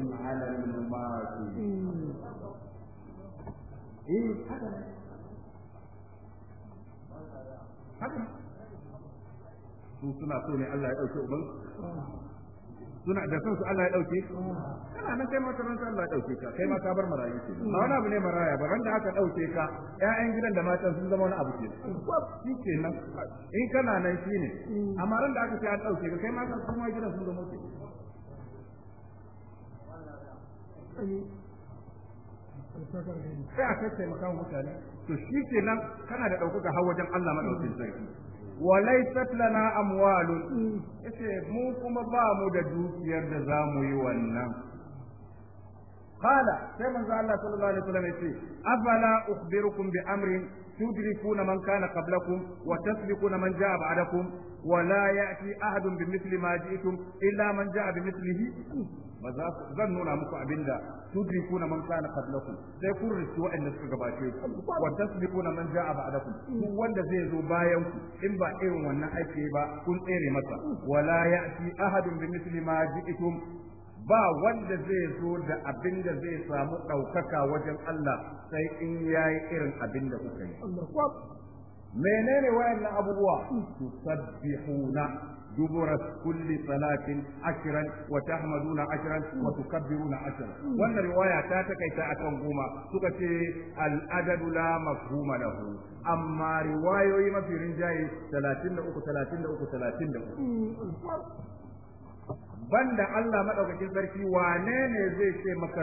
على المقاتل إيه هذا هذا su suna so ne Allah ya ɗauke uban suna da Allah ya ɗauke kana nan kai ma Allah ya ɗauke ka kai ma ka bar marayu ce ba wani abu ne maraya ba ran da aka ɗauke ka ƴaƴan gidan da matan sun zama wani abu ke shi ke nan in kana nan shi ne amma ran da aka ce an ɗauke ka kai ma kuma gidan sun zama ke sai a kai taimaka mutane to shi ke nan kana da ɗaukaka har wajen Allah maɗaukin sarki walaisat lana amwalun yace mu kuma ba mu da dukiyar da za mu yi wannan qala sai manzo Allah sallallahu alaihi wasallam yace afala ukhbirukum bi amrin tudrikuna man kana qablakum wa tasbiquna man jaa ba'dakum wa la ya'ti ahadun mithli ma ji'tum illa man jaa mithlihi zan nuna muku abinda kuna man kana qablakum sai kun rishi waɗanda suka gabace ku wa tasbiquna man ja'a ba'dakum duk wanda zai zo bayan ku in ba irin wannan aiki ba kun tsere masa wala ya'ti ahadun bi mithli ma ji'tum ba wanda zai zo da abinda zai samu ɗaukaka wajen Allah sai in yayi irin abinda kuka yi menene wayannan abubuwa tusabbihuna دبر كل صلاة عشرا وتحمدون عشرا وتكبرون عشرا وأن الرواية تاتك إتاءة قوما تكتي الأدب لا مفهوم له أما رواية ما في رنجاي ثلاثين أوكو ثلاثين أوكو ثلاثين أوكو banda Allah madaukakin sarki wane وانين زي شيء maka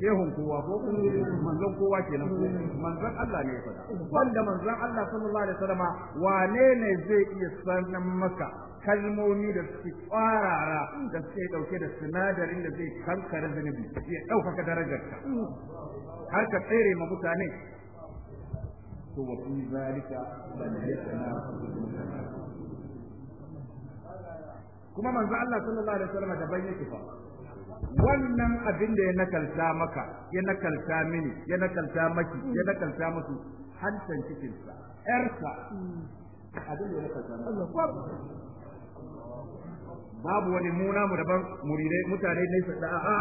shehun kowa ko manzon kowa kenan manzon Allah ne ya faɗa wanda manzon Allah sallallahu alaihi wasallam wane ne zai iya sanan maka kalmomi da suke kwarara da suke dauke da sinadarin da zai kankare zunubi ya ɗaukaka darajarka har ka tsere ma mutane to wa fi zalika bal kuma manzo Allah sallallahu alaihi wasallam da bayyana wannan abin da ya nakalta maka ya nakalta mini ya nakalta maki ya nakalta musu hancan cikinsa yarsa abin da ya nakalta maka babu wani muna mu daban muridai mutane ne su da a'a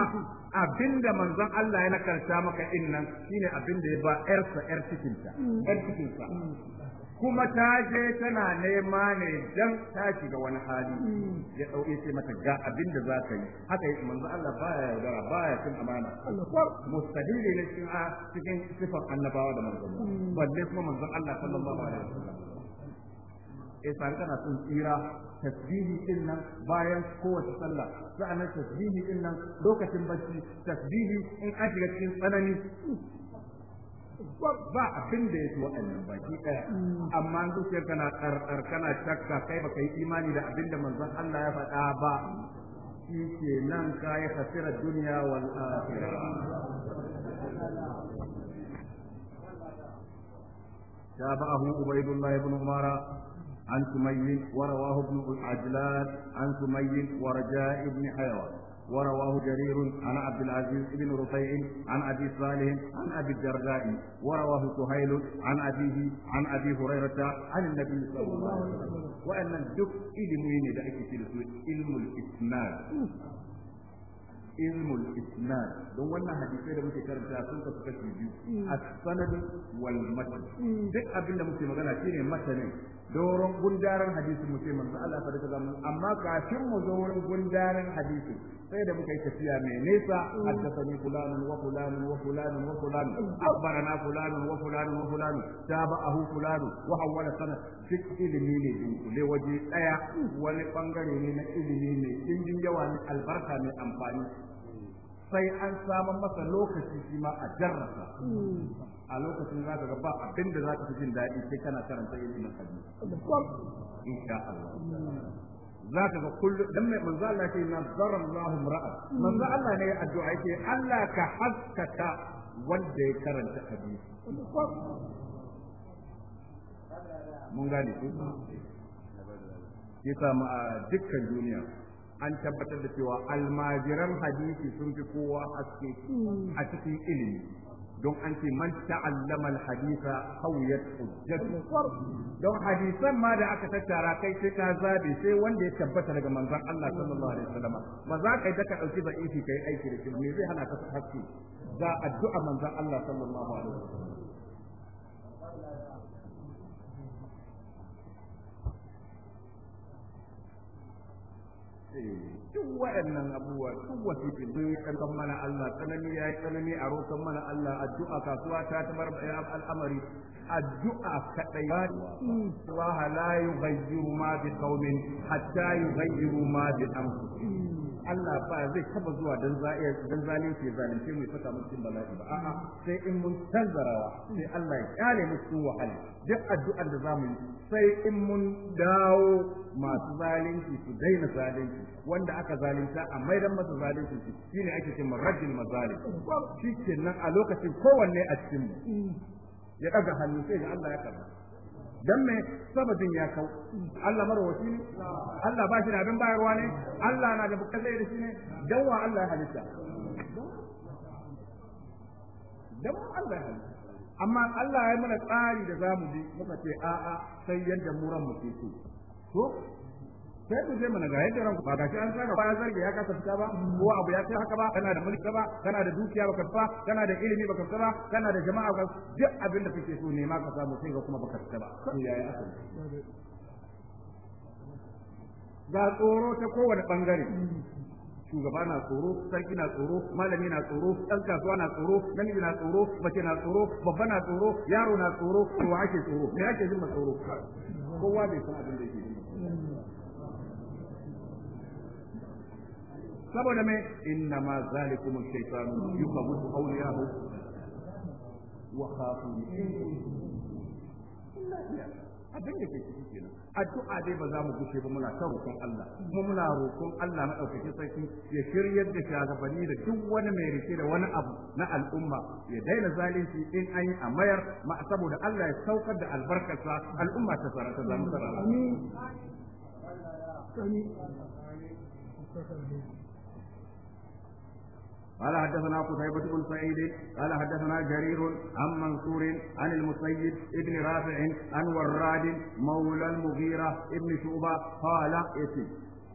abinda manzon Allah ya nakalta maka innan shine abinda ya ba yarsa ƴar cikinta yar cikinsa mm. kuma ta je tana nema ne dan ta shiga wani hali mm. ya dauke sai mata ga abin da za ka yi haka yi manzo Allah baya yaudara baya cin amana mustahili ne cikin a cikin sifan annabawa da manzo mm. balle kuma manzo Allah sallallahu alaihi wasallam eh sai kana son tsira tasbihi din nan bayan kowace sallah sa'annan tasbihi din nan lokacin bacci tasbihi in an cikin tsanani ba abin da ya fi waɗannan baki ɗaya amma zuciyar kana karkar kana shakka kai baka yi imani da abin da manzon Allah ya faɗa ba shi ke nan ka yi hasirar duniya wal akhirah تابعه عبيد الله بن عمر عن سمي ورواه ابن العجلان عن سمي ورجاء بن حيوان ورواه جرير عن عبد العزيز بن رفيع عن أبي صالح عن أبي الدرداء ورواه سهيل عن أبيه عن أبي هريرة عن النبي صلى الله عليه وسلم وأن الدك إلمين دعك علم الإسناد ilmul isnad don wannan hadisai da muke karanta sun kasu kashi biyu as-sanad wal duk abin muke magana shine matanin doron gundaran hadisi muke manzo Allah fa da amma kafin mu zo wurin gundaran sai da muka yi tafiya mai nesa haddathani fulanin wa fulanin wa fulanin wa akbara na fulanin wa fulanin wa ta ba a fulanin wa hawala sana duk ilimi ne kule waje daya wani bangare ne na ilimi mai din yawa ne albarka mai amfani sai an samu masa lokaci shi ma a jarrasa a lokacin za ka ba abin da za ka fi jin daɗi sai kana karanta ilimin hadisi insha Allah zaka ga kullum dan mai manzo Allah ce nazzara Allahu ra'a manzo Allah ne ya addu'a yake Allah ka haskaka wanda ya karanta hadisi mun gane ku yasa ma dukkan duniya an tabbatar da cewa almajiran hadisi sun fi kowa haske a cikin ilimi don an ce man ta'allama al hawiyat hujjatu don hadisan ma da aka tattara kai sai ka zabe sai wanda ya tabbata daga manzon Allah sallallahu alaihi wasallam ba za ka yi daka dauki da'ifi kai aiki da shi me zai hana ka haske za addu'a manzon Allah sallallahu alaihi wasallam duk waɗannan abubuwa duk wasifin duk ya mana Allah tsanani ya yi tsanani a rokan mana Allah addu'a kasuwa ta tabar al'amari addu'a kaɗai. ba Allah la ma bi qaumin hatta yughayyiru ma bi ɗan. Allah ba zai taba zuwa dan za'iya dan zalunci zalunce mai fata mutum cikin bala'i ba a'a sai in mun tanzarawa sai Allah ya kare mu cikin wahala duk addu'ar da zamu yi sai in mun dawo masu zalunci su daina zalunci wanda aka zalunta a maidan masa zalunci shine ake cewa marajin mazalim shi kenan a lokacin kowanne a cikin mu ya daga hannu sai ga Allah ya karba dan me sababin ya kau Allah marwaci ne Allah ba shi da abin bayarwa ne Allah na da bukatai da shi ne dan Allah ya halitta Allah ya amma Allah ya mana tsari da zamu bi muka ce a'a sai yadda mu ran mu ke so sai ku je mana ga yadda ranku ba shi an tsara bayan zarge ya kasa fita ba ko abu ya kai haka ba kana da mulki ba kana da dukiya baka fita kana da ilimi baka fita ba kana da jama'a ba duk abin da kake so nema ka samu sai ga kuma baka fita ba to yaya ga tsoro ta kowane bangare shugaba na tsoro sarki na tsoro malami na tsoro dan kasuwa na tsoro namiji na tsoro mace na tsoro babba na tsoro yaro na tsoro to ake tsoro me ake jin tsoro kowa bai san abin da yake saboda mai inna ma zalikum shaytan yukhawwifu awliyahu wa khafu abin da ke ciki kenan addu'a dai ba za mu gushe ba muna ta roƙon Allah kuma muna roƙon Allah na madaukakin sarki ya shirya da shagabanni da duk wani mai rike da wani abu na al'umma ya daina zalunci in an yi a mayar ma saboda Allah ya saukar da albarkarsa al'umma ta tsara ta zama tsara amin قال حدثنا قتيبة بن سعيد قال حدثنا جرير عن منصور عن المسيب ابن رافع عن وراد مولى المغيرة ابن شعبة قال إتي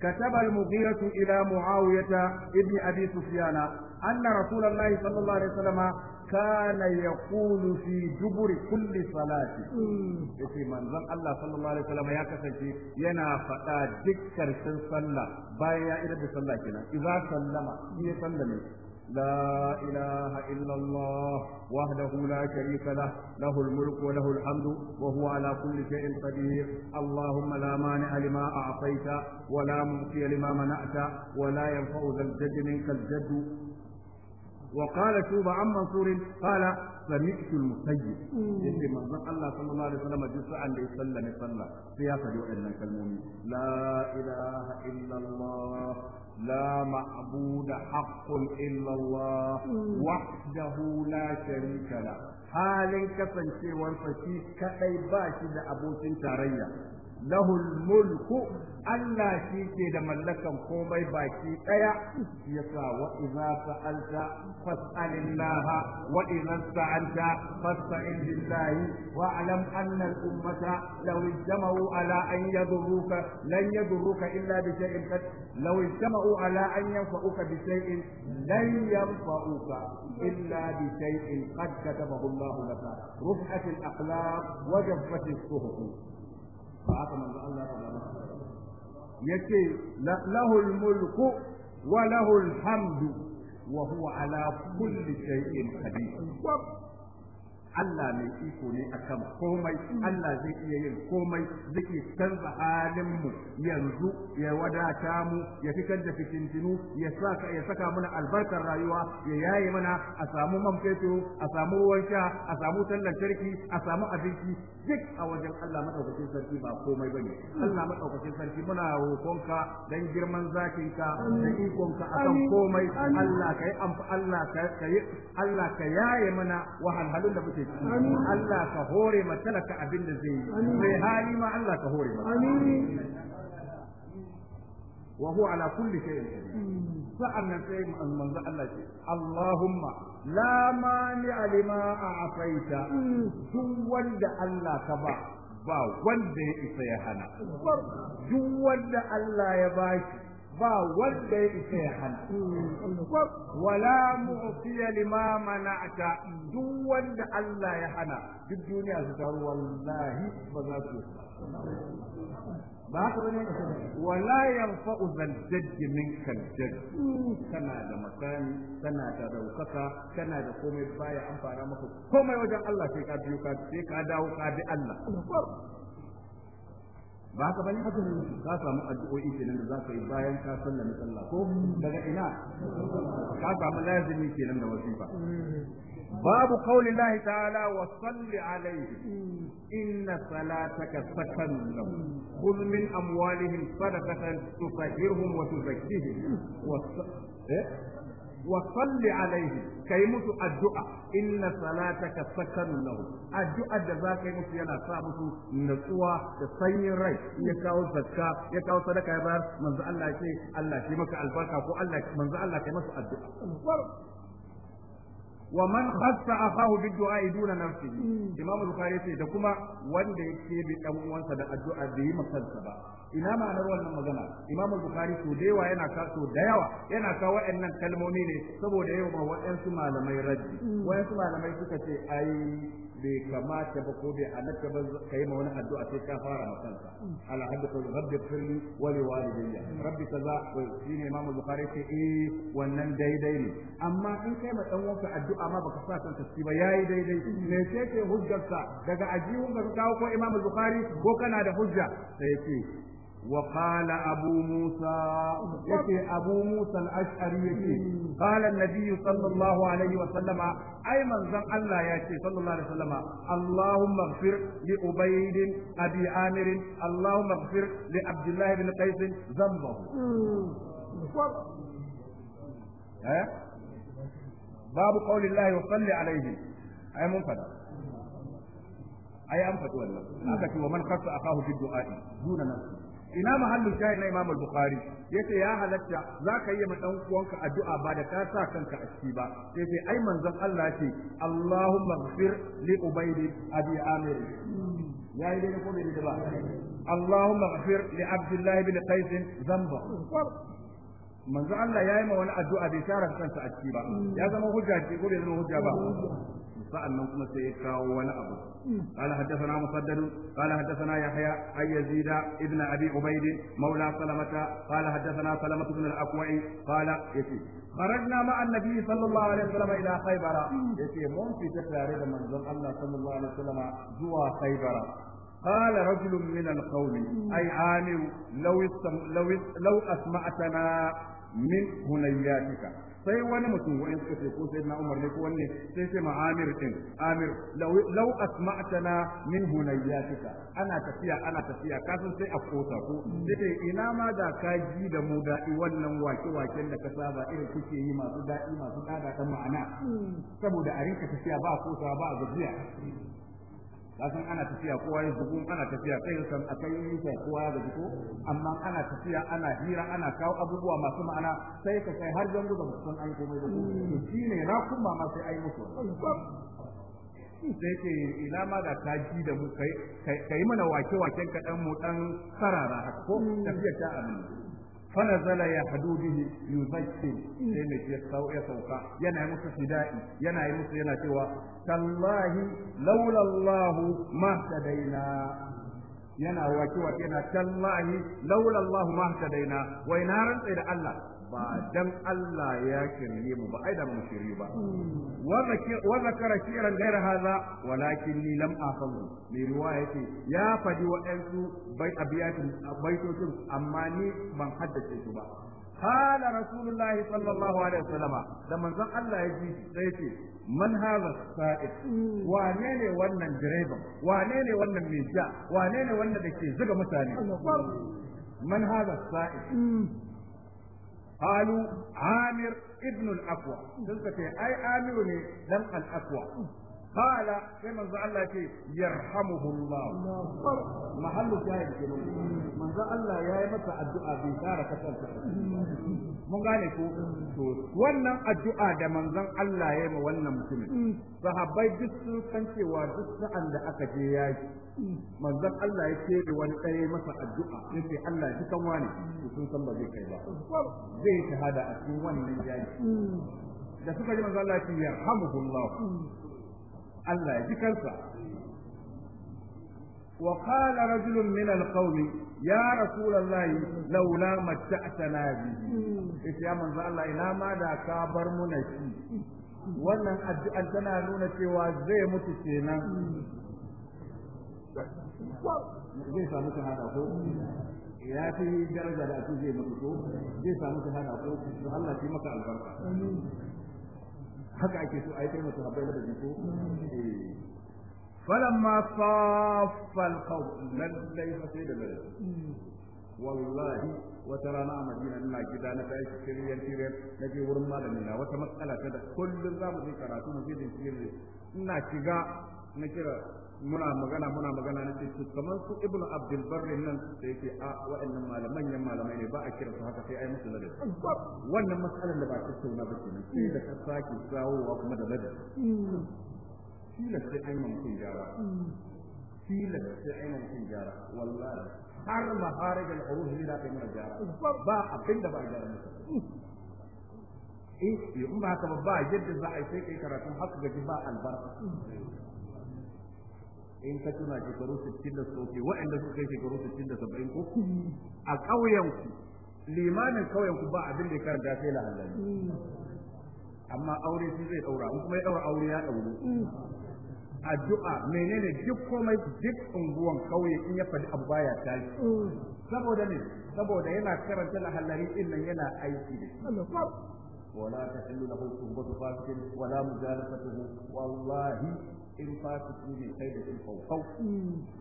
كتب المغيرة إلى معاوية ابن أبي سفيان أن رسول الله صلى الله عليه وسلم كان يقول في دبر كل صلاة في منظر الله صلى الله عليه وسلم يا كسنتي ينا فتا ذكر صلى بايا إلى صلى كنا إذا سلم هي سلم لا إله إلا الله وحده لا شريك له له الملك وله الحمد وهو على كل شيء قدير اللهم لا مانع لما أعطيت ولا ممكن لما منعت ولا ينفع ذا الجد منك الجد وقال شوب عن منصور قال سمعت المسيب يجي من الله صلى الله عليه وسلم جزء عن يسلم يسلم سياسة يؤمن كالمؤمن لا إله إلا الله لا معبود حق إلا الله وحده لا شريك له halin kasancewar fashi kaɗai ba shi da abokin tarayya lahul mulku Allah shi ke da mallakan komai baki ɗaya yasa wa idza sa'alta fas'alillah wa idza sa'alta fas'al billah wa alam anna law ala an yadurruka lan yadurruka illa bi shay'in qad law ala an yanfa'uka bi shay'in lan yanfa'uka illa bi shay'in qad katabahu Allah laka ruf'at al-aqlab wa jaffat as-suhuf haka manzo Allah ce lahul mulku wa lahul hamdu wa huwa ala kulli shay'in qadir Allah mai iko ne akan komai Allah zai iya yin komai zai iya canza halin mu yanzu ya wadata mu ya fitar da fitintinu ya saka ya saka mana albarkar rayuwa ya yaye mana a samu man fetur a samu ruwan sha a samu tallan tarki a samu abinci duk a wajen Allah madaukakin sarki ba komai bane Allah madaukakin sarki muna roƙonka dan girman zakinka da ikonka akan komai Allah kai Allah kai Allah ka yaye mana wahalhalun da muke Allah ka hore ma talaka abin da zai yi mai hali ma Allah ka hore ma wa huwa ala kulli shay'in hmm. sa'annan sai manzo Allah ce Allahumma la mani alima a'faita hmm. duk wanda Allah ka ba ba wanda ya isa ya hana duk wanda Allah ya bashi ba wanda ya isa ya hana wala mu'tiya lima mana'ata duk wanda Allah ya hana duk duniya su taru wallahi ba za su ba wala yanfa'u zaljaj min kaljaj kana da makani kana da daukaka kana da komai baya amfana maka komai wajen Allah sai ka biyo ka sai ka dawo ka bi Allah ba ka bane haka ne ka samu addu'o'i kenan da zaka yi bayan ka sallama sallah ko daga ina ka samu lazimi kenan da wasifa mm. babu qauli Allah ta'ala wa salli alayhi mm. inna salataka sakan lahum khudh min amwalihim sadaqatan tutahhiruhum wa tuzakkihim mm. wa eh wa salli alaihi kai musu addu'a inna salataka sakanu lahu addu'a da za ka yi musu yana sa musu natsuwa da sanyin rai ya kawo ya kawo sadaka ya bayar manzo Allah Allah shi maka albarka ko Allah manzo Allah kai masa addu'a wa man khassa akahu bi du'a duna nafsi imam bukhari sai da kuma wanda yake bi dan uwansa da addu'a da yi makansa ba ina ma'anar wannan magana imam bukhari to da yawa yana ka to da yawa yana ka wa'annan kalmomi ne saboda yau ma wa'ansu malamai raddi wa'ansu malamai suka ce ai bai kamata ba ko bai halatta ba kai ma wani addu'a sai ka fara ma kanka ala haddaka rabbi firli wa walidayya rabbi kaza shi ne imam bukhari ce eh wannan daidai ne amma in kai ma dan wanka addu'a ma baka sa kanka ci ba yayi daidai me hujjarsa daga ajihun ka kawo ko imam bukhari ko kana da hujja sai ce وقال أبو موسى يكي أبو موسى الأشعري يكي قال النبي صلى الله عليه وسلم أي من زم الله يكي صلى الله عليه وسلم اللهم اغفر لأبيد أبي عامر اللهم اغفر لعبد الله بن قيس ذنبه باب قول الله وصل عليه أي منفذ ai an faɗi wannan aka ce wa man khassa akahu fi du'a'i ina mahallin shayi na Imam Bukhari yace ya halatta zaka yi ma dan uwanka addu'a ba da ka sa kanka a ciki ba sai sai ai manzon Allah ce Allahumma ighfir li Ubayd abi Amir yayi dai ko bai da ba Allahumma ighfir li Abdullah ibn Qais zamba manzo Allah yayi ma wani addu'a bai tara kansa a ciki ba ya zama hujja ce ko bai zama hujja ba sa'annan kuma sai ya kawo wani abu قال حدثنا مسدد قال حدثنا يحيى عن يزيد ابن ابي عبيد مولى سلمة قال حدثنا سلمة بن الاكوع قال يسير خرجنا مع النبي صلى الله عليه وسلم الى خيبر يسير من في تكرار من الله صلى الله عليه وسلم جوا خيبر قال رجل من القوم أي عامر لو, لو, لو أسمعتنا من هنياتك sai wani mutum wani suka ce ko sai na umar ne ko wanne sai ce ma amir din amir lau asma'tana min hunayyatika ana tafiya ana tafiya kasan sai a kota ko sai ina ma da ka ji da mu daɗi wannan wake waken da ka saba irin kuke yi masu daɗi masu tsada ta ma'ana hmm. saboda a rinka tafiya ba kota ba a gajiya kasan ana tafiya kowa ya zubu ana tafiya kai san akai nisa kowa ya zubu amma ana tafiya ana hira ana kawo abubuwa masu ma'ana sai ka kai har yanzu ba san an komai ba to shine na kuma ma sai ai musu sai ke ina ma da ta ji da mu kai kai mana wake waken ka dan mu dan sarara ko tafiya ta amin فنزل يحدو به يزكي sai mai ke ya sauka yana musu fidai yana musu yana cewa tallahi laulallahu ma tadaina yana waki yana tallahi laulallahu ma tadaina wai na rantsa da Allah ba dan Allah ya kirye mu ba ai da mu kirye ba wa zakara shi'ran ghayr hadha walakin ni lam afhamu li riwayati ya fadi wa ansu bai abiyatin baitotin amma ni ban haddace su ba qala rasulullah sallallahu alaihi wasallam da manzon Allah ya sai ce man hadha sa'id wane ne wannan direban wane ne wannan mai ja wane ne wannan da ke zuga mutane man hadha sa'id قالوا عامر ابن الأقوى تلك أي عامر دم الأقوى قال كما زعل الله يرحمه الله محل شاهد كلمة من زعل الله يا يمسى الدعاء بيسارة كتلك mun gane ko to wannan addu'a da manzon Allah ya yi وانا مسلم فهبا duk sun san عند duk sa'an manzon Allah ya ce wani ɗaya masa addu'a ya ce Allah ji kan wani sun san ba zai kai ba zai shahada a cikin wannan jari. da suka ji manzon Allah ya ce yarhamuhullah Allah ya ji kansa wa qala rajulun min al-qawmi ya rasulullahi laula matta'tana bihi ya manzon Allah ina ma da ka bar na shi wannan addu'an tana nuna cewa zai mutu kenan zai samu shahada ko ya fi daraja da ake zai mutu ko zai samu shahada ko to Allah shi maka albarka haka ake so ai kai musu habbai da ko eh. falamma saffa lan dai fa sai da lalle wallahi wata rana a madina ina gida na tashi shiryen tire na je wurin malamin na wata matsala ta da kullum za mu je karatu mu je da shirye ina shiga na kira muna magana muna magana na to kamar su ibnu abdul barri nan da yake a wa'annan malaman yan malamai ne ba a kira su haka sai ai musu ladabi wannan masalan da ba ta tsauna ba kenan sai da ka sake kawowa kuma da ladabi shi ne sai ai mun kun gyara shi ne sai ai mun kun gyara wallahi har maharij al-uruf ne da kai mun gyara ba abinda ba gyara mutum in ba haka ba ba yadda za a yi sai kai karatun haka gaji ba albarka in ka tuna shekaru 60 da soke waɗanda su kai shekaru 60 da 70 ko a ƙauyenku, limanin ƙauyenku ba abin da ya karanta sai lahallari amma aure shi zai ɗaura, in kuma ya daura aure ya A addu'a menene duk komai duk unguwan ƙauye in ya faɗi abu baya tashi saboda ne saboda yana karanta lahalari in nan yana aiki da ولا تحل له صحبة فاسق ولا مجالسته والله in fasiki ne sai da shi faufau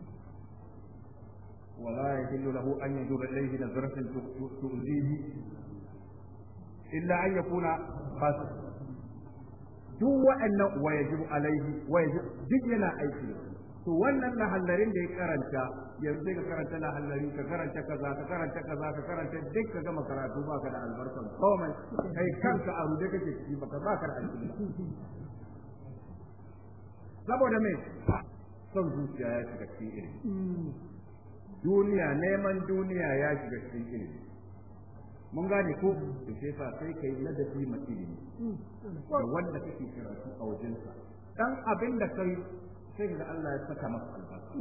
ولا يحل له أن يدور إليه نظرة تؤذيه إلا أن يكون خاسرا duk wa'annan wa yajibu alaihi wa yajibu duk yana aiki to wannan lahallarin da ya karanta yanzu sai ka karanta lahallari ka karanta kaza ka karanta kaza ka karanta duk ka gama karatu baka da albarkan komai kai kanka a rude kake ciki baka baka da albarkan saboda me son zuciya ya shiga cikin ilimi duniya neman duniya ya shiga cikin ilimi mun gane ko da ke sa sai kai ladabi ma ilimi da wanda kake karatu a wajensa dan abin da kai sai da Allah ya saka maka albarka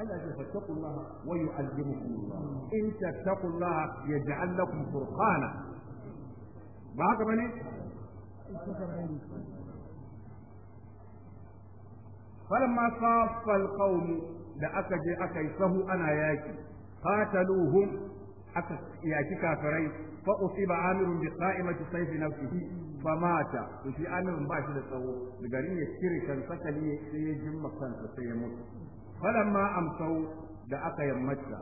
Allah ya fattaku Allah wa yu'allimukum Allah in ta tattaku Allah yaj'al lakum furqana ba haka bane falamma saffal qaum da aka je aka yi sahu ana yaki qataluhum aka yaki kafirai fa usiba amirun bi qa'imati sayfi nafsihi fa mata to shi amirun ba shi da tsawo da garin ya cire kan sakali sai ya jimma kansa sai ya mutu falamma amsau da aka yammata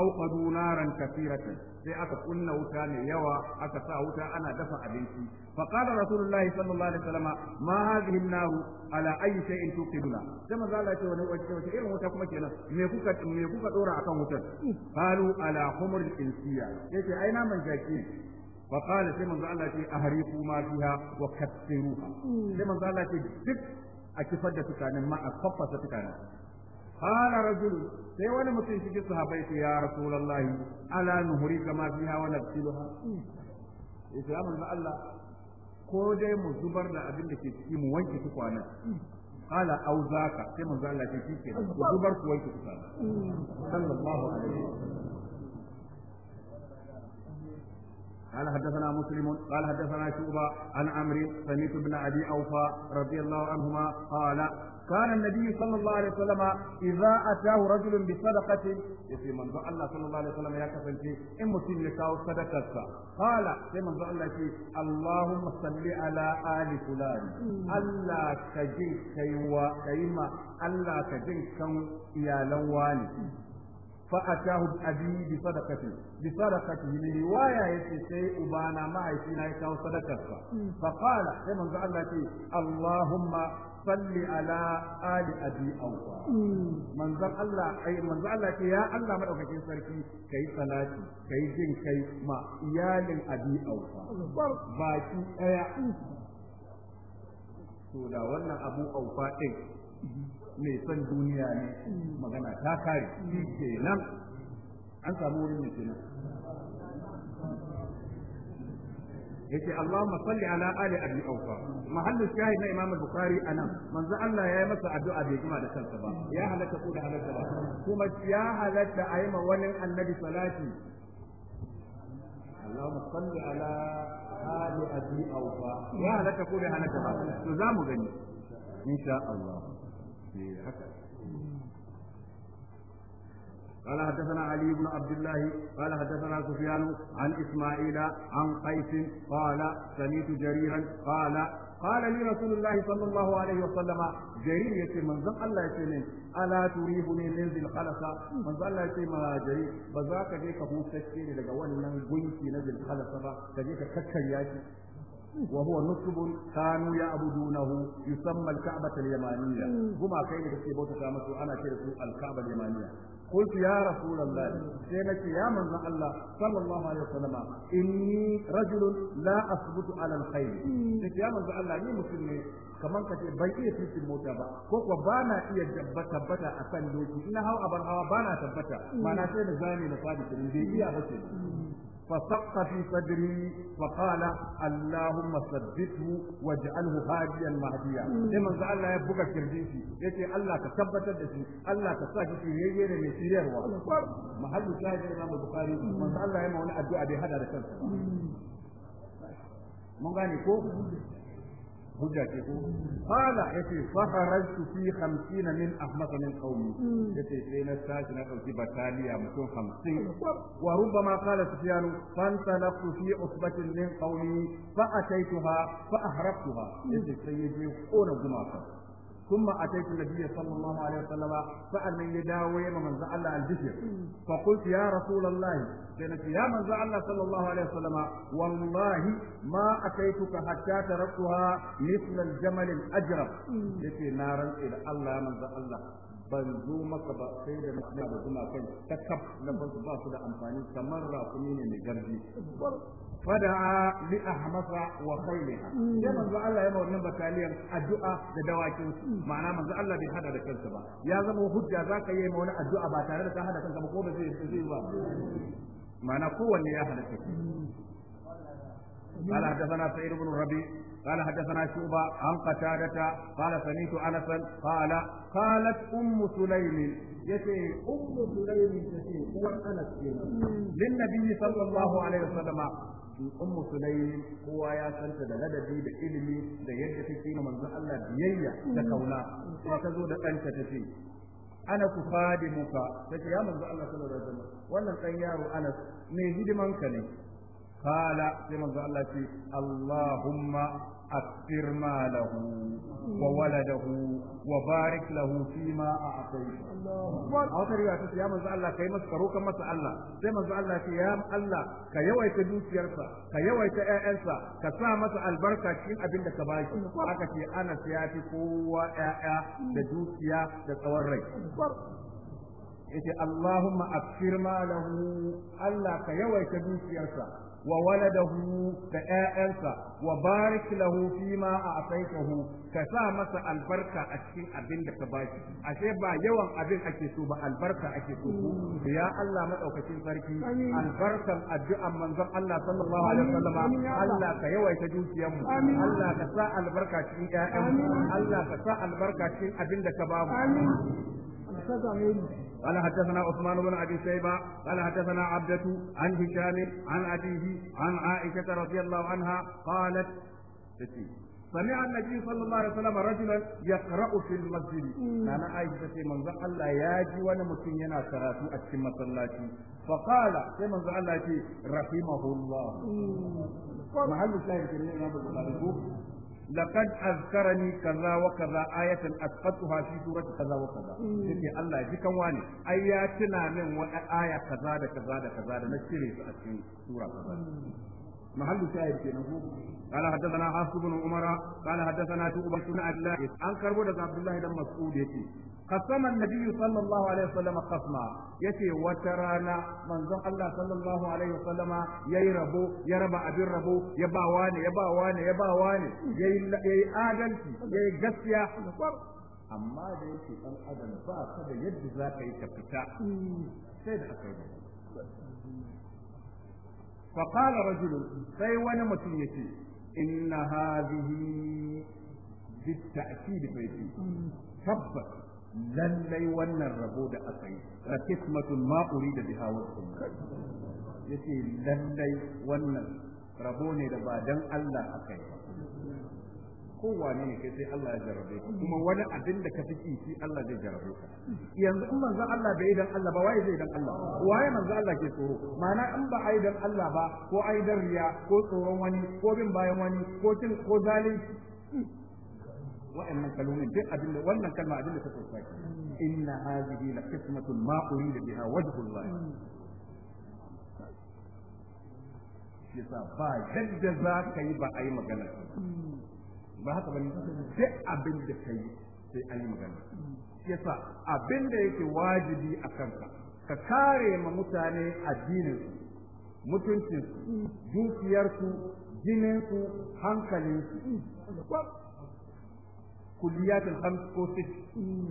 auqadu naran kafiratan sai aka kunna wuta mai yawa aka sa wuta ana dafa abinci فقال رسول الله صلى الله عليه وسلم ما هذه النار على اي شيء توقدنا كما قال ce wani wace wace irin wuta kuma ميكوكا ميكوكا دورا me kuka قالوا على خمر qalu ala humur من yace ai naman jaki فقال سيما الله في أهريقوا ما فيها وكثروها سيما الله في دك أكفد سكان ما أكفف سكان قال رجل سيوانا مسلم في الصحابة يا رسول الله ألا نهريك ما فيها ونبتلها إسلام الله ko dai mu zubar da abin da ke ciki mu wanke tukwanan qala aw zaka sai manzo Allah ce shi ke ku zubar ku wanke tukwanan sallallahu alaihi قال حدثنا مسلم قال حدثنا شعبة عن عمرو سمعت بن أبي أوفى رضي الله عنهما قال كان النبي صلى الله عليه وسلم إذا أتاه رجل بصدقة يسي من الله صلى الله عليه وسلم يا كفنتي إن مسلم يكاو صدقتك قال في من الله في اللهم صل على آل فلان ألا كجن كيوا كيما ألا كجن كم يا لواني فأتاه أبي بصدقته بصدقته من رواية يسي أبانا ما يسينا يكاو صدقتك فقال في من الله اللهم salli ala ali abi awfa mm. manzon Allah ai manzon Allah ce ya Allah madaukakin sarki kai salati kai jin kai ma iyalin abi awfa baki daya to da wannan abu awfa din mai son duniya ne mm. magana ta kare kenan an samu wurin ne kenan yace Allahumma salli ala ali abi aufa mahallu shahid na imam bukhari anan manzo Allah yayi masa addu'a bai kuma da kansa ba ya halatta ko da halatta ba kuma ya halatta ayi ma wani annabi salati Allahumma salli ala ali abi aufa ya halatta ko da halatta ba to za mu gani insha Allah eh haka قال حدثنا علي بن عبد الله قال حدثنا سفيان عن إسماعيل عن قيس قال سمعت جريرا قال قال لي رسول الله صلى الله عليه وسلم جرير يتي من زم الله يتي من ألا تريبني من ذي الخلصة من زم الله يتي ما جرير بذاك جيك هو تشكير لك ولن قنتي نزل الخلصة كجيك كتشن ياتي وهو نصب كانوا يعبدونه يسمى الكعبة اليمانية هما كيف تسيبوت كامسوا أنا كيف الكعبة اليمانية قلت يا رسول الله سينك يا من الله صلى الله عليه وسلم إني رجل لا أثبت على الخير يا من الله ني مسلمي kamar ka ce ban iya tukin mota ba ko kuwa ba na iya tabbata a kan doki ina hau abar hawa ba na tabbata ma'ana sai da zane na fadi kirin bai iya ba ke فصق في صدري فقال sai ثبته Allah هاديا مهديا لما shi, الله يبقى كرديسي يتي da تثبت دشي الله تساكي في يجي ne mai siriyarwa mahallu shahid Imam Bukhari manzo Allah ya mauna addu'a bai hada da kansa mun gane ko hujja ce ko yace fa kharajtu fi 50 min ahmad min qaumi mm. yace sai na tashi na dauki bataliya mutum hamsin wa rubbama qala sufyan fantalaqtu fi usbatin min qaumi fa ataituha fa ahraqtuha mm. yace sai yaje kona gumaka ثم أتيت النبي صلى الله عليه وسلم فعل من يداوي من زعل الجسر فقلت يا رسول الله سنك يا من زعل صلى الله عليه وسلم والله ما أتيتك حتى تركتها مثل الجمل الأجرب يتي نارا إلى الله من زعل ban zo maka ba sai da na da zuma kai ta kaf na ban ba su da amfani kamar rakumi ne mai garbi fada'a li ahmasa wa khayliha mm. sai manzo Allah ya ba wannan bataliyar addu'a da dawakin mm. ma'ana manzo Allah bai hada da kansa ba ya zama hujja zaka yi ma wani addu'a ba tare da ka hada kanka ba ko ba zai zai ba ma'ana kowanne ya hada kansa mm. قال حدثنا سعيد بن الربيع قال حدثنا شعبة عن قتادة قال سمعت أنسا قال قالت أم سليم yace ummu sulaimi tace uwar Anas kenan lin nabi sallallahu alaihi ummu sulaim kowa ya santa da ladabi da ilimi da yadda take na manzon Allah biyayya da mm. kauna sai ta zo da ɗanta ta ce ana ku fadimuka ta ce ya manzon Allah sallallahu alaihi wasallam wannan ɗan yaro Anas me hidimanka ne kala sai manzon Allah ce Allahumma أكثر ماله وولده وبارك له فيما أعطيت أو تريد يا من الله كي مسكرو كما الله زي من الله كي يا الله كي يوي تدوس يرسى كي يوي تأنسى كسا مس البركة شين أبين دكبايش أكتي أنا سياتي قوة أأ تدوس يا تتوري yace Allahumma akfir malahu Allah ka yawaita dukiyarsa وولده كآئنسا وبارك له فيما أعطيته كسامة البركة أشكي أبن كباشي أشيبا يوم أبن أكيسو البركة أكيسو يا الله ما أوكسين سركي البركة الدعاء من ذر الله صلى الله عليه وسلم الله كيوى يتجوز يم الله كسا البركة أشكي أم الله كسا البركة أشكي أبن كبابي قال حدثنا عثمان بن ابي شيبه قال حدثنا عبدة عن هشام عن ابيه عن عائشه رضي الله عنها قالت سمع النبي صلى الله عليه وسلم رجلا يقرا في المسجد انا عائشه في منزل الله ياجي وانا متين ينا كراتو اتكين مسلاتي فقال في منزل الله رحمه الله محل الشاهد كريم البخاري laqad azkarani kaza wa kaza ayatan asqatuha fi surati kaza wa kaza yake Allah ji kan wani ai ya tuna min wata aya kaza da kaza da kaza da na cire su a cikin sura kaza محل شاهد في نقول قال حدثنا حفص بن عمر قال حدثنا توبة بن عبد الله أنكر عبد الله بن مسعود يتي قسم النبي صلى الله عليه وسلم قسما يتي وترانا من زم الله صلى الله عليه وسلم يربو يربا أبي ربو يبا واني يبا واني يبا واني يي آدلتي يي قسيا أما da yake ɗan adam ba ka da yadda za ka yi ka fita فقال رجل sai wani mutum yace inna hadhihi bit ta'kid lallai wannan rabo da aka yi rakismatul ma'uri, da biha wajhu yace lallai wannan rabo ne da ba don Allah aka yi kowane ne kai sai Allah ya jarrabe ka kuma wani abin da ka fi shi Allah zai jarrabe ka yanzu in manzon Allah bai dan Allah ba waye zai dan Allah waye manzon Allah ke tsoro ma'ana in ba ai dan Allah ba ko ai dan riya ko tsoron wani ko bin bayan wani ko cin ko zalunci wa'annan kalmomin duk abin da wannan kalma abin da ta kunsa ki inna hadhihi la qismatun ma urida biha wajhullah yasa ba yadda za ka yi ba a yi magana ba haka bane duk abin da ka yi sai an yi magana yasa abin da yake wajibi a kanka ka kare ma mutane addininsu mutuncinsu dukiyarsu jininsu hankalinsu kulliyatul khams ko sit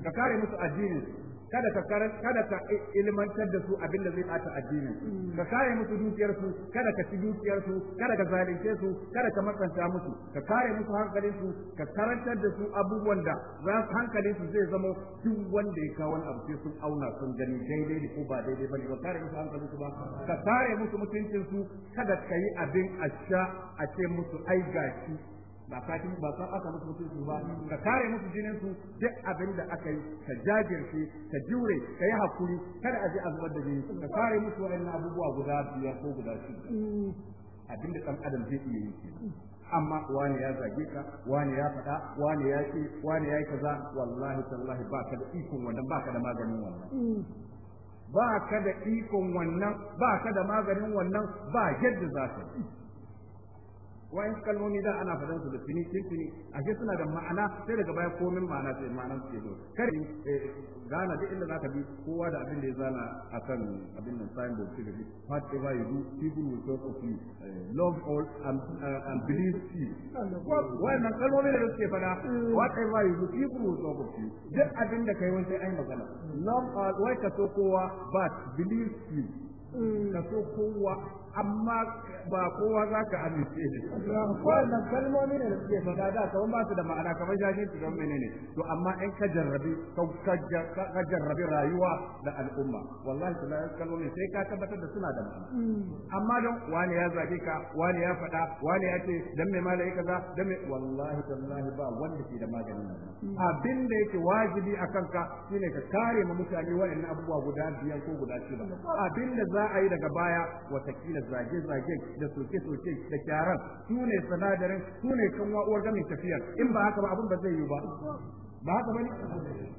ka kare musu addinin kada ka kada ka ilmantar da su abin da zai bata addinin ka kare musu dukiyar su kada ka ci dukiyar su kada ka zalunce su kada ka matsanta musu ka kare musu hankalin su ka karantar da su abubuwan da za hankalin su zai zama duk wanda ya kawo wani abu sai sun auna sun gani daidai ne ko ba daidai ba ne ba kare musu hankalin su ba ka kare musu mutuncin su kada ka yi abin a asha a ce musu ai gashi ba ka ba san aka musu mutunci ba ka kare musu jinin su duk abin da aka yi ka jajirce ka jure ka yi hakuri kada a je a zubar da jini ka kare musu waɗannan abubuwa guda biyar ko guda shida abin da ɗan adam zai iya yi amma wani ya zage ka wani ya faɗa wani ya ce wani ya yi kaza wallahi tallahi ba ka da ikon wannan ba ka da maganin wannan ba ka da ikon wannan ba ka da maganin wannan ba yadda za ka yi Wa'in kalmomi da ana faɗan su da fini a ashe suna da ma'ana sai daga baya komin ma'ana sai ma'ana su zo kare eh, gana duk inda zaka bi kowa da abin da ya zana kan abin nan sign board sai bi whatever you do people will talk of you eh, love all and, eh, believe you wannan kalmomi da suke faɗa whatever you do people will talk of you duk abin da kai wani sai ai magana love all wai ka so kowa but believe you ka so kowa amma ba kowa za ka amince da wannan kalmomi ne da suke faɗa da kawai ba su da ma'ana kamar shafin su don menene to amma in ka jarrabi ka jarrabi rayuwa da al'umma wallahi su lai kalmomi sai ka tabbatar da suna da ma'ana mm. amma don wani ya zage ka wani ya faɗa wani ya ce dan mai malai kaza dan mai. wallahi tallahi ba wanda ke da maganin nan mm. abin da yake wajibi akan ka shine ka kare ma mutane wa'annan abubuwa guda biyan ko guda shida abin da za za a yi daga baya watakila zage-zage da soke-soke da kyaran su ne sanadarin su ne kan wa'uwar gamin tafiyar in ba haka ba abin ba zai yi ba ba haka ba ne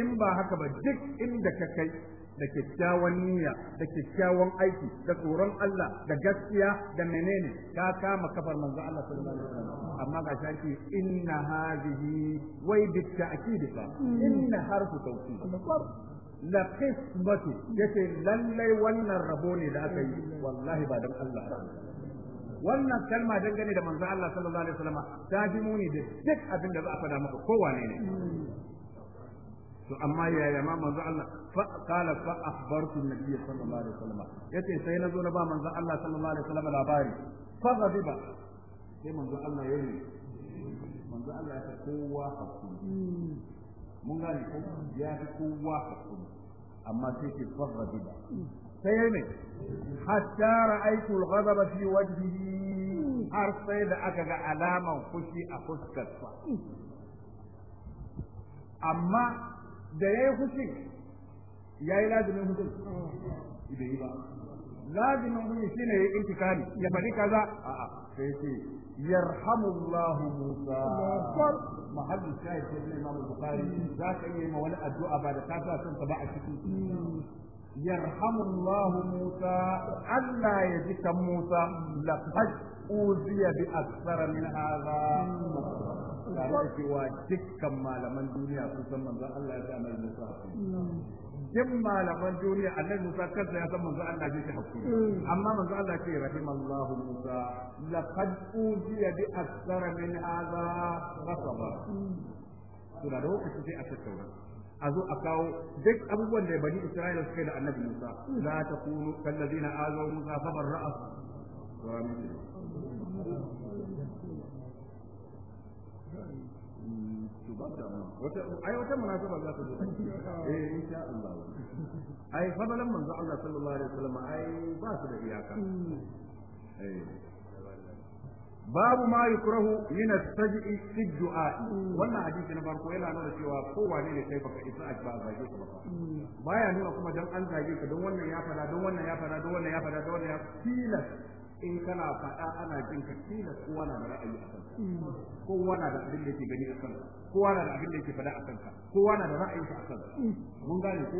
in ba haka ba duk inda ka kai da kyakkyawan niyya da kyakkyawan aiki da tsoron Allah da gaskiya da menene ka kama kafar manzo Allah sallallahu alaihi wasallam amma ga shi inna hadhihi wai bi ta'kid fa inna harfu tawkid la qismatu yace lallai wannan rabo ne da aka yi wallahi ba dan Allah wannan kalma dangane da manzo Allah sallallahu alaihi wasallam ta ji muni da duk abin da za a faɗa maka kowane ne to amma yaya ma manzo Allah fa qala fa akhbartu nabi sallallahu alaihi wasallam sai na zo na ba manzo Allah sallallahu alaihi wasallam labari fa sai manzo Allah yi. manzo Allah ya kowa hakuri mun gane ko ya fi kowa hakuri amma sai ke farra bida sai ne hatta ra'aytu al-ghadaba fi wajhihi har sai da aka ga alaman fushi a fuskarsa amma da yayi fushi yayi lazimin hukun bai yi ba lazimin hukun shine yayi intikami ya bari kaza a'a sai sai يرحم الله موسى محل الشاهد سيدنا الإمام البخاري ذاك أيما ولا الدعاء بعد كافة تبع الشكوك يرحم الله موسى ألا يجيك موسى لقد أوذي بأكثر من هذا tare da cewa dukkan malaman duniya sun san manzon Allah ya sa mai musa duk malaman duniya annabi Musa kansa ya san manzo Allah yake shi hakuri hmm. amma manzo Allah ce rahimallahu Musa laqad uziya bi aktsara min hadha rasaba hmm. to da lokaci sai a tattauna a zo a kawo duk abubuwan da bani Isra'ila suka yi da annabi Musa hmm. la kunu kallazina azaw Musa fabarra'a wa to ba ta amma wata ai wata munasaba za ta zo eh insha Allah ai fadalan manzo Allah sallallahu alaihi wasallam ai ba su da iyaka eh babu ma yukrahu min as-saj'i fi wannan hadisi na farko yana nuna cewa kowane ne sai baka isa a ba zage ka ba baya nuna kuma dan an zage ka don wannan ya fada don wannan ya fada don wannan ya fada don wannan ya tilas in kana faɗa ana jin ka tilas kowa na da ra'ayi a kanka kowa na da abin da ke gani a kanka kowa na da abin da ke faɗa a kanka kowa na da ra'ayi a kanka mun gane ko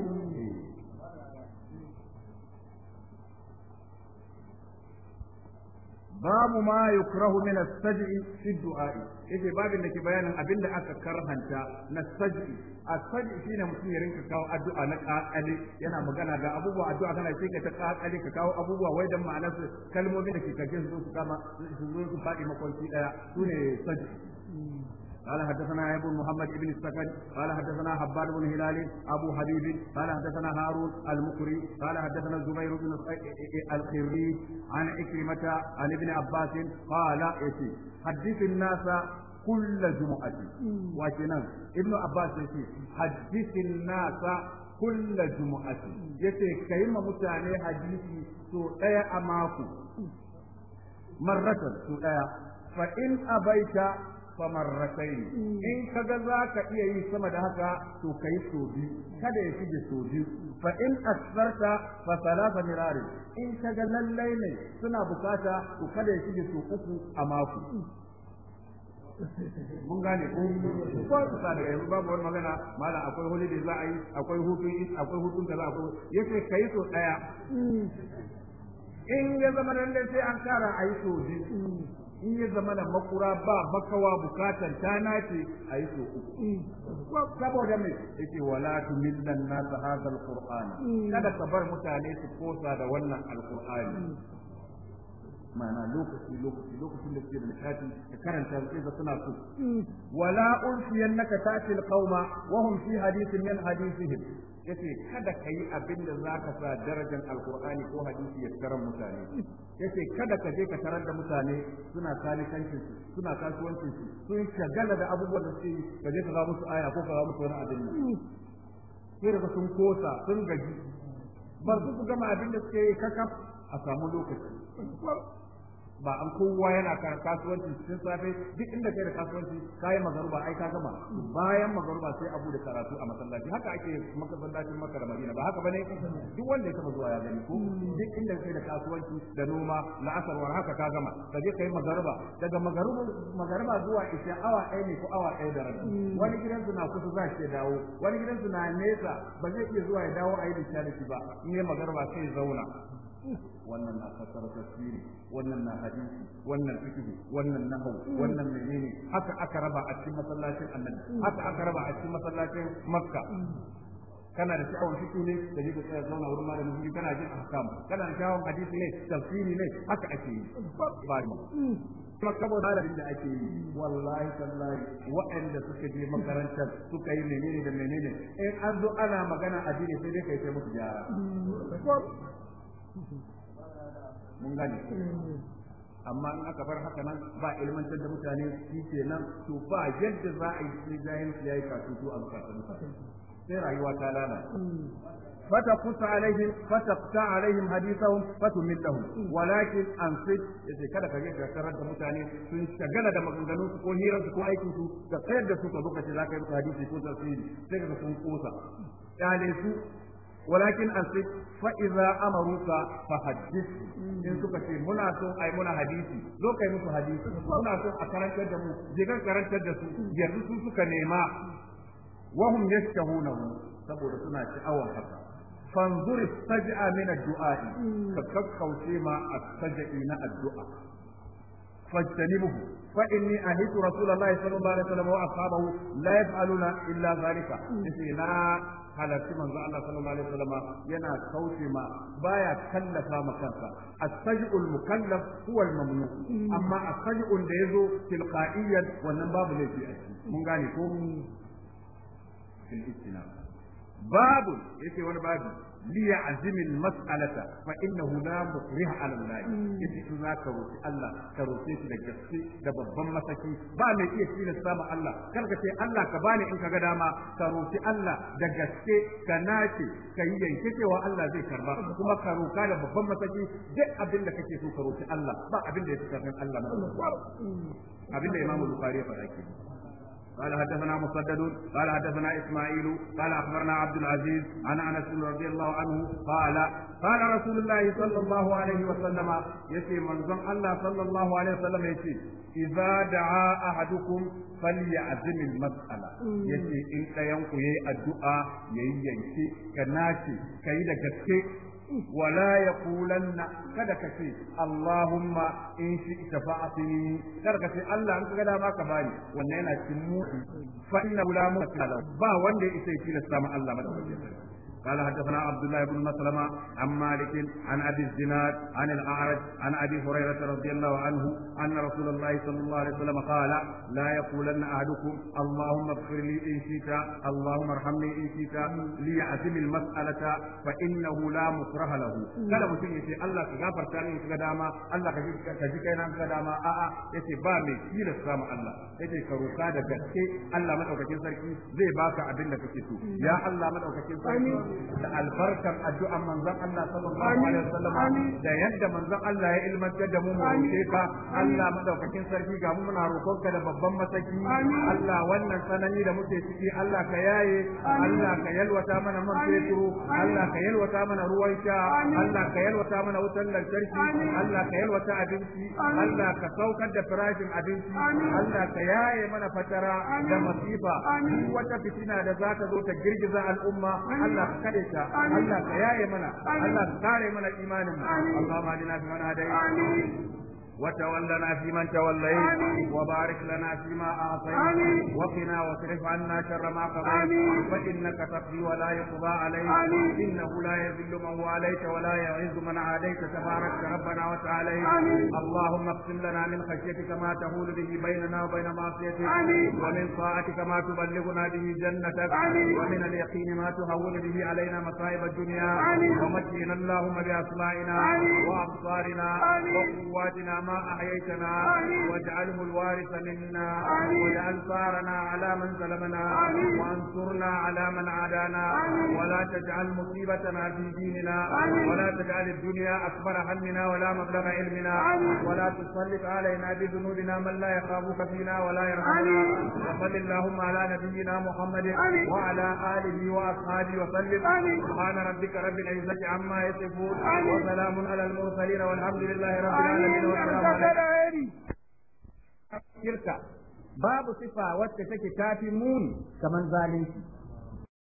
babu ma yukrahu min as sajdi fi du'a'i yake babin da ke bayanin abin da aka karhanta na a as-saj'i shine mutum ya rinka kawo addu'a na kakali yana magana ga abubuwa addu'a kana shi ka ta kakali ka kawo abubuwa wai dan ma'anar su kalmomin da ke kake su su kama su zo su faɗi makwanci daya sune sajdi قال حدثنا يحيى بن محمد بن السكن قال حدثنا حبان بن هلال ابو حبيب قال حدثنا هارون المقري قال حدثنا الزبير بن الخيري عن عكرمة عن ابن عباس قال حدث الناس كل جمعة وكنا ابن عباس يقول حدث الناس كل جمعة يقول كيما متعني حديثي سوء أماكو مرة سوء فإن أبيت famarratain hmm. in kaga za ka iya yi sama da haka to kai so biyu kada ya shige so biyu fa in asfarta fa salasa mirari in kaga lallai ne suna bukata to kada ya shige so uku a mako mun gane ko ko ta da yanzu babu wani magana mala akwai holiday za a yi akwai hutu akwai hutun da za a yace kai so daya hmm. in ya zama lallai sai an kara a yi so biyu hmm. in ya zama na makura ba makawa bukatar ta nace a yi so uku mm. saboda mai yake wala tu millan nasa al alquran mm. kada ka bar mutane su kosa da wannan alqur'ani mm. ma'ana lokaci lokaci lokacin da suke da nishadi da karanta sai da suna so wala unsiyannaka ta'til qauma wa hum fi hadithin min hadithihim ce kada kai abinda zaka sa darajar alqur'ani ko hadisi ya karan mutane yace kada ka je ka tarar da mutane suna kalikancin su suna kasuwancin su sun shagala da abubuwan da suke ka je ka ga musu aya ko ka ga musu wani abin nan sai da sun kosa sun gaji bar su gama abin da suke kakaf a samu lokaci ba an kowa yana kan kasuwanci cikin safe duk inda kai da kasuwanci kai magaruba ai ka gama bayan magaruba sai abu da karatu a masallaci haka ake masallacin Makka da Madina ba haka bane duk wanda ya taba zuwa ya gani ko duk inda kai da kasuwanci da noma na wa haka ka gama kaje kai magaruba daga magaruba magaruba zuwa isha awa ɗaya ne ko awa ɗaya da rabi wani su na kusa za shi dawo wani su na nesa ba zai iya zuwa ya dawo a yi da shi ba in ya magaruba sai zauna wannan na fassara tafsiri wannan na hadisi wannan fiqh wannan na hau wannan menene haka aka raba a cikin masallacin annabi haka aka raba a cikin masallacin makka kana da shawon fiqh ne da ji ka tsaya zauna wurin malamin fiqh kana jin ahkam kana da shawon hadisi ne tafsiri ne haka ake yi kuma da da ake yi wallahi tallahi waɗanda suka je makarantar suka yi menene da menene in an zo ana magana addini sai dai kai sai musu jara mun gane amma in aka bar haka nan ba ilmantar da mutane shi ke nan to ba yadda za a yi sai su ya yi kasutu a bukatun sai rayuwa ta lalace فتقص عليهم فتقطع عليهم walakin an sai da yace kada ka ga karar da mutane sun shagala da maganganun su ko hirar su ko aikin su da sayar da su ka zo ka ce za ka yi hadisi ko tafsiri sai ka sun kosa kyale su walakin asib fa idza amaruka fa in suka ce muna so ai muna hadisi zo kai musu hadisi muna so a karantar da mu je karantar da su yanzu su suka nema wa hum yashtahuna saboda suna sha'awar haka fanzuri saj'a min dua ka kakkauce ma as-saj'i na addu'a فاجتنبه فإني أهيت رسول الله صلى الله عليه وسلم وأصحابه لا يفعلون إلا halarci manzo Allah yana kauce ma baya kallafa ma kansa mukallaf huwa amma as-saj'un da yazo tilqa'iyan wannan babu laifi babu ليعزم المسألة فإنه لا مكره على الله إذا كنا كروسي الله كروسي في الجسد دببان مسكي بامي إيه في السامة الله كالك سي الله كباني إنك قداما كروسي الله دجسد كناتي كي ينكتي والله زي كربا كما كروكا دببان مسكي دي أبن لك كي كروسي الله با أبن لك كروسي الله أبن لك إمام البخاري فلاكي قال حدثنا مسدد قال حدثنا اسماعيل قال اخبرنا عبد العزيز عن انس رضي الله عنه قال قال رسول الله صلى الله عليه وسلم يسي منظم الله صلى الله عليه وسلم يسي اذا دعا احدكم فليعزم المساله يسي ان كيانكو يي الدعاء يي ينكي كناشي كيدا gaske ولا يقولن kada ka ce Allahumma in shi ita kada ka ce Allah an kaga dama ka bani wannan yana cikin mu fa inna la mu'tala ba wanda ya isa ya tilasta ma Allah madaukakin sarki قال حدثنا عبد الله بن مسلمة عن مالك عن أبي الزناد عن الأعرج عن أبي هريرة رضي الله عنه أن رسول الله صلى الله عليه وسلم قال لا يقولن أحدكم اللهم اغفر لي إن شئت اللهم ارحمني إن شئت ليعزم المسألة فإنه لا مكره له kada mutum ya ce Allah ka gafarta min ka dama Allah ka ji kaina ka dama a'a yace ba mai kila samu Allah yace ka roka da gaske Allah madaukakin sarki zai baka abin da kake so ya Allah madaukakin sarki da albarkar addu'an manzon Allah sallallahu alaihi wasallam da yadda manzon Allah ya ilmantar da mu mu roƙe ka Allah madaukakin sarki ga mu muna roƙon ka da babban mataki Allah wannan sanani da muke ciki Allah ka yaye Allah ka yalwata mana man fetur Allah ka yalwata mana ruwan sha Allah ka yalwata mana wutar lantarki Allah ka yalwata abinci Allah ka saukar da farashin abinci Allah ka yaye mana fatara da masifa wata fitina da za ta zo ta girgiza al'umma Allah kada ta Allah ka yaye mana Allah ka kare mana imanin mu Allah Allahumma adina mana dai amin وتولنا في من توليت وبارك لنا فيما أعطيت وقنا واصرف عنا شر ما قضيت فإنك تقضي ولا يقضى عليك إنه لا يذل من واليت ولا يعز من عاديت تبارك ربنا وتعاليت اللهم اقسم لنا من خشيتك ما تهول به بيننا وبين معصيتك ومن طاعتك ما تبلغنا به جنتك ومن اليقين ما تهون به علينا مصائب الدنيا ومتعنا اللهم بأسمائنا وأبصارنا وقواتنا ما ما أحييتنا واجعله الوارث منا واجعل أنصارنا على من سلمنا وانصرنا على من عادانا ولا تجعل مصيبتنا في ديننا ولا تجعل الدنيا أكبر همنا ولا مبلغ علمنا ولا تسلط علينا بذنوبنا من لا يخافك فينا ولا يرحمنا وصل اللهم على نبينا محمد وعلى آله وأصحابه وسلم سبحان ربك رب العزة عما يصفون وسلام على المرسلين والحمد لله رب العالمين kirka babu sifa wacce take tafi muni kamar zalunci